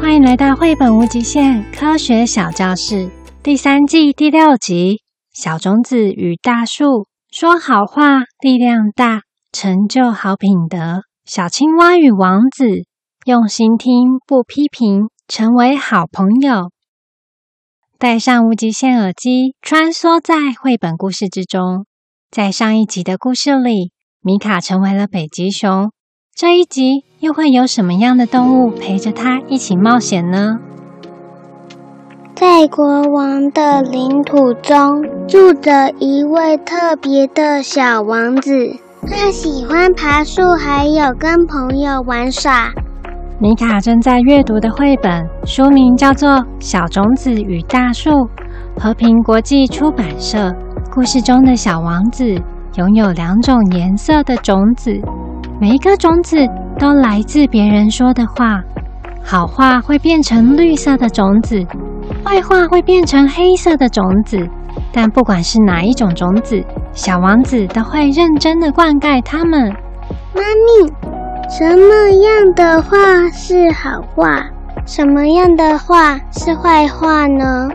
歡迎來到繪本無極限科學小教室第三季第六集《小種子與大樹》，說好話，力量大，成就好品德。小青蛙與王子用心聽，不批評，成為好朋友。戴上無極限耳機，穿梭在繪本故事之中。在上一集的故事裡，米卡成為了北極熊。這一集又會有什麼樣的動物陪着她一起冒險呢？在國王的領土中，住着一位特別的小王子。最喜歡爬樹，還有跟朋友玩耍。米卡正在閱讀的繪本書名叫做《小種子與大樹》，和平國際出版社。故事中的小王子擁有兩種顏色的種子，每一個種子都來自別人說的話。好話會變成綠色的種子，壞話會變成黑色的種子。但不管是哪一種種子。小王子都會認真的灌溉他們。媽咪，什麼樣的話是好話？什麼樣的話是壞話呢？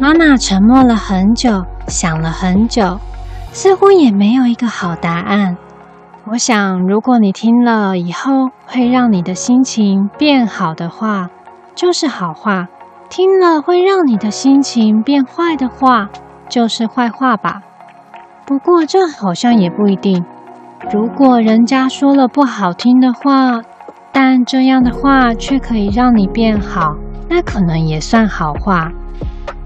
媽媽沉默了很久，想了很久，似乎也沒有一個好答案。我想，如果你聽了以後會讓你的心情變好的話，就是好話。聽了會讓你的心情變壞的話，就是壞話吧。不過這好像也不一定。如果人家說了不好聽的話，但這樣的話卻可以讓你變好，那可能也算好話。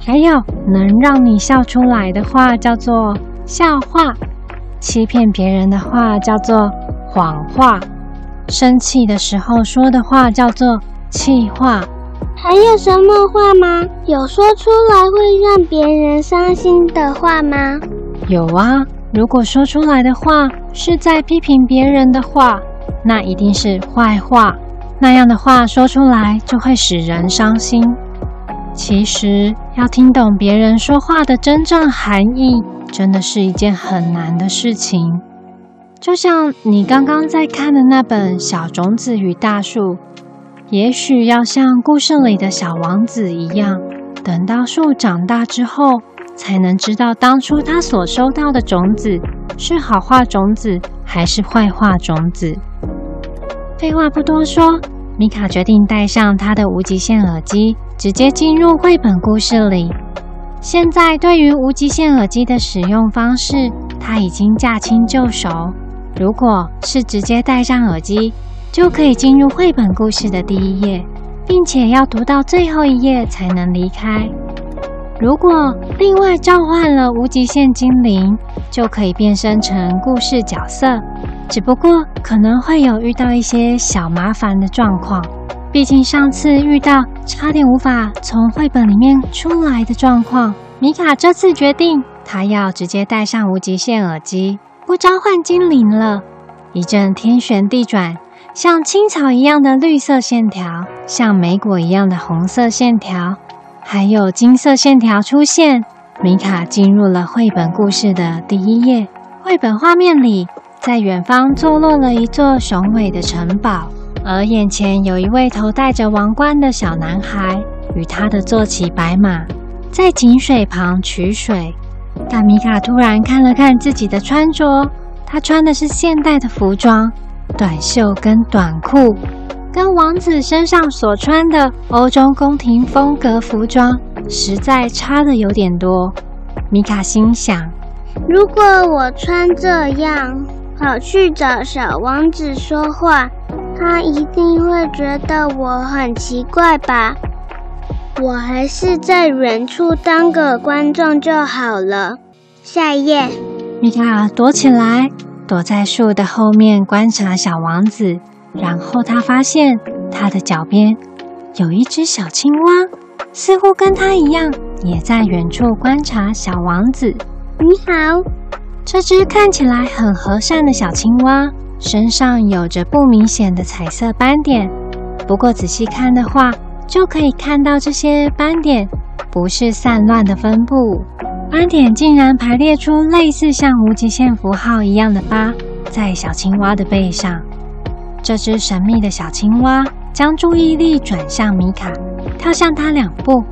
還有能讓你笑出來的話叫做笑話，欺騙別人的話叫做謊話，生氣的時候說的話叫做氣話。還有什麼話嗎？有說出來會讓別人傷心的話嗎？有啊，如果說出來的話是在批評別人的話，那一定是壞話。那樣的話說出來就會使人傷心。其實要聽懂別人說話的真正含義，真的是一件很難的事情。就像你剛剛在看的那本《小種子與大樹》，也許要像故事裡的小王子一樣，等到樹長大之後。才能知道當初他所收到的種子是好話種子還是壞話種子。廢話不多說，米卡決定戴上他的無極限耳機，直接進入繪本故事裡。現在對於無極限耳機的使用方式，他已經駕輕就熟。如果是直接戴上耳機，就可以進入繪本故事的第一頁，並且要讀到最後一頁才能離開。如果另外召喚了無極限精靈，就可以變身成故事角色，只不過可能會有遇到一些小麻煩的狀況。畢竟上次遇到差點無法從繪本裡面出來的狀況，米卡這次決定，他要直接戴上無極限耳機，不召喚精靈了。一陣天旋地轉，像青草一樣的綠色線條，像莓果一樣的紅色線條，還有金色線條出現，米卡進入了繪本故事的第一頁。繪本畫面裡，在遠方坐落了一座雄偉的城堡，而眼前有一位頭戴着王冠的小男孩與他的坐騎白馬在井水旁取水。但米卡突然看了看自己的穿着，他穿的是現代的服裝，短袖跟短褲。跟王子身上所穿的歐洲宮廷風格服裝，實在差的有點多。米卡心想：如果我穿這樣跑去找小王子說話，他一定會覺得我很奇怪吧？我還是在遠處當個觀眾就好了。下一頁，米卡躲起來，躲在樹的後面觀察小王子。然後他發現，他的腳邊有一只小青蛙，似乎跟他一樣，也在遠處觀察小王子。你好，這只看起來很和善的小青蛙，身上有着不明顯的彩色斑點。不過仔細看的話，就可以看到這些斑點不是散亂的分布，斑點竟然排列出類似像無極限符號一樣的疤。在小青蛙的背上。這隻神秘的小青蛙將注意力轉向米卡，跳向她兩步，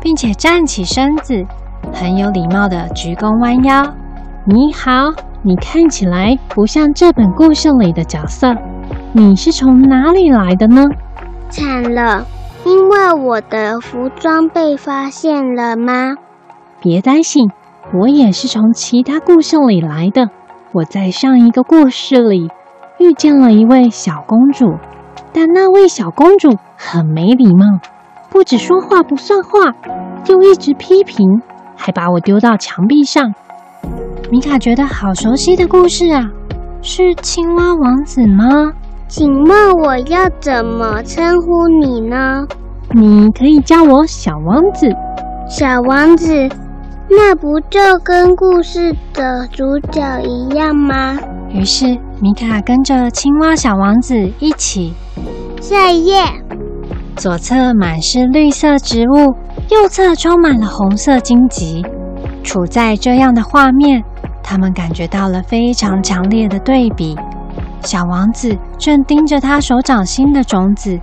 並且站起身子，很有禮貌地鞠躬彎腰。“你好，你看起來不像這本故事裡的角色，你是從哪裡來的呢？”“慘了，因為我的服裝被發現了嗎？”“別擔心，我也是從其他故事裡來的，我在上一個故事裡。”遇見了一位小公主，但那位小公主很沒禮貌，不止說話不算話，就一直批評，還把我丟到牆壁上。米卡覺得好熟悉的故事啊，是青蛙王子嗎？請問我要怎麼稱呼你呢？你可以叫我小王子。小王子。那不就跟故事的主角一樣嗎？於是米卡跟着青蛙小王子一起。下一頁，yeah、左側滿是綠色植物，右側充滿了紅色荊棘。處在這樣的畫面，他們感覺到了非常強烈的對比。小王子正盯着他手掌心的種子，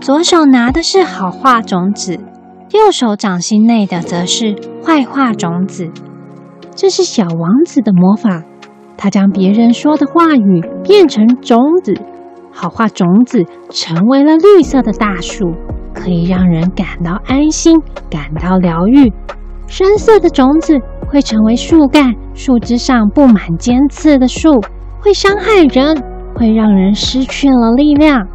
左手拿的是好話種子。右手掌心內的則是壞話種子，這是小王子的魔法。他將別人說的話語變成種子，好話種子成為了綠色的大樹，可以讓人感到安心、感到療癒。深色的種子會成為樹幹，樹枝上布滿尖刺的樹會傷害人，會讓人失去了力量。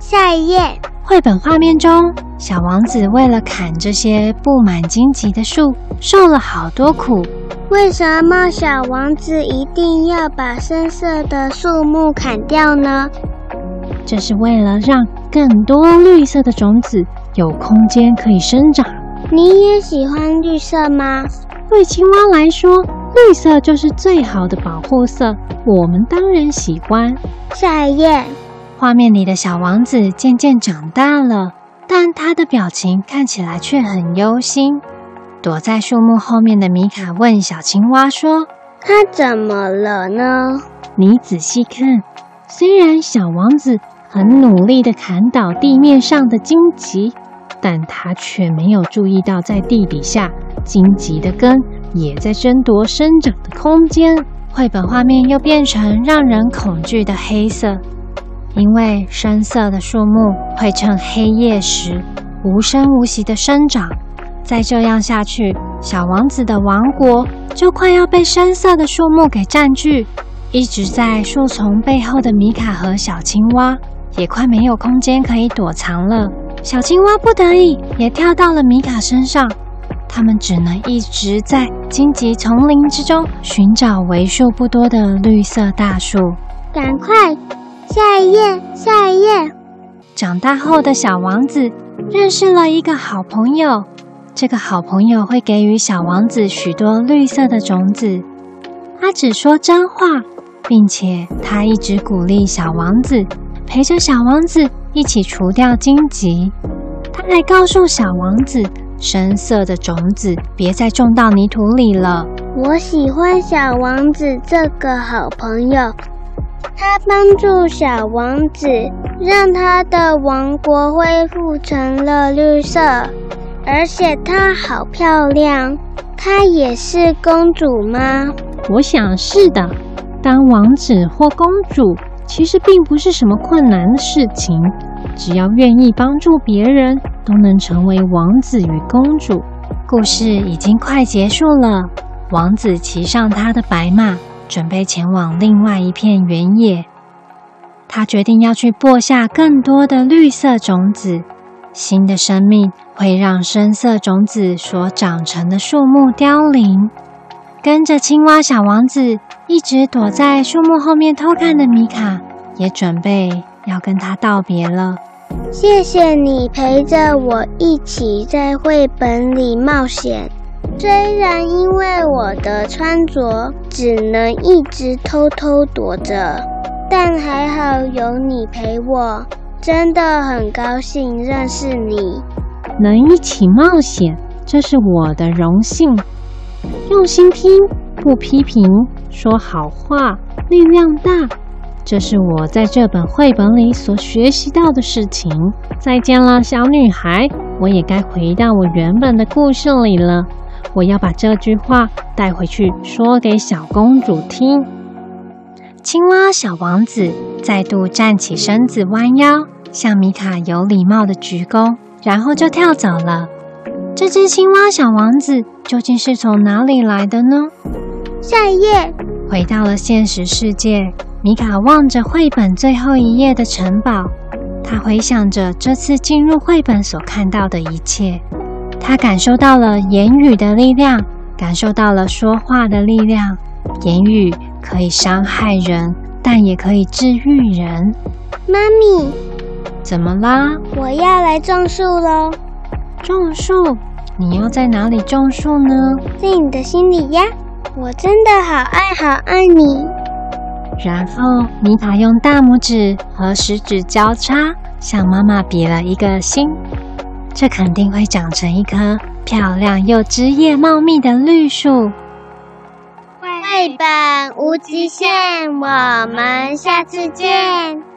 下一頁，繪本畫面中，小王子為了砍這些布滿荊棘的樹，受了好多苦。為什麼小王子一定要把深色的樹木砍掉呢？這是為了讓更多綠色的種子有空間可以生長。你也喜歡綠色嗎？對青蛙來說，綠色就是最好的保護色。我們當然喜歡。下一頁。畫面裡的小王子漸漸長大了，但他的表情看起來卻很憂心。躲在樹木後面的米卡問小青蛙說：“他怎麼了呢？”你仔細看，雖然小王子很努力地砍倒地面上的荊棘，但他卻沒有注意到，在地底下，荊棘的根也在爭奪生長的空間。繪本畫面又變成讓人恐懼的黑色。因為深色的樹木會趁黑夜時無聲無息地生長，再這樣下去，小王子的王國就快要被深色的樹木給占據。一直在樹叢背後的米卡和小青蛙也快沒有空間可以躲藏了。小青蛙不得已也跳到了米卡身上，他們只能一直在荊棘叢林之中尋找為數不多的綠色大樹。趕快！下一頁，下一頁。長大後的小王子認識了一個好朋友，這個好朋友會給予小王子許多綠色的種子。他只說真話，並且他一直鼓勵小王子，陪着小王子一起除掉荊棘。他還告訴小王子，深色的種子別再種到泥土裡了。我喜歡小王子這個好朋友。他幫助小王子，讓他的王國恢復成了綠色，而且她好漂亮。她也是公主嗎？我想是的。當王子或公主，其實並不是什麼困難的事情，只要願意幫助別人，都能成為王子與公主。故事已經快結束了，王子騎上他的白馬。準備前往另外一片原野，他決定要去播下更多的綠色種子。新的生命會讓深色種子所長成的樹木凋零。跟着青蛙小王子一直躲在樹木後面偷看的米卡，也準備要跟他道別了。謝謝你陪着我一起在繪本裡冒險。雖然因為我的穿着只能一直偷偷躲着，但還好有你陪我，真的很高興認識你。能一起冒險，這是我的榮幸。用心聽，不批評，說好話，力量大。這是我在這本繪本裡所學習到的事情。再見了，小女孩，我也該回到我原本的故事裡了。我要把這句話帶回去說給小公主聽。青蛙小王子再度站起身子，彎腰向米卡有禮貌的鞠躬，然後就跳走了。這隻青蛙小王子究竟是從哪裡來的呢？下一頁，回到了現實世界。米卡望着繪本最後一頁的城堡，他回想着這次進入繪本所看到的一切。他感受到了言語的力量，感受到了說話的力量。言語可以傷害人，但也可以治癒人。媽咪，怎麼啦？我要來種樹嘍！種樹？你要在哪裡種樹呢？在你的心裡呀！我真的好愛好愛你。然後，米卡用大拇指和食指交叉，向媽媽比了一個心。這肯定會長成一棵漂亮又枝葉茂密的綠樹。繪本無極限，我們下次見。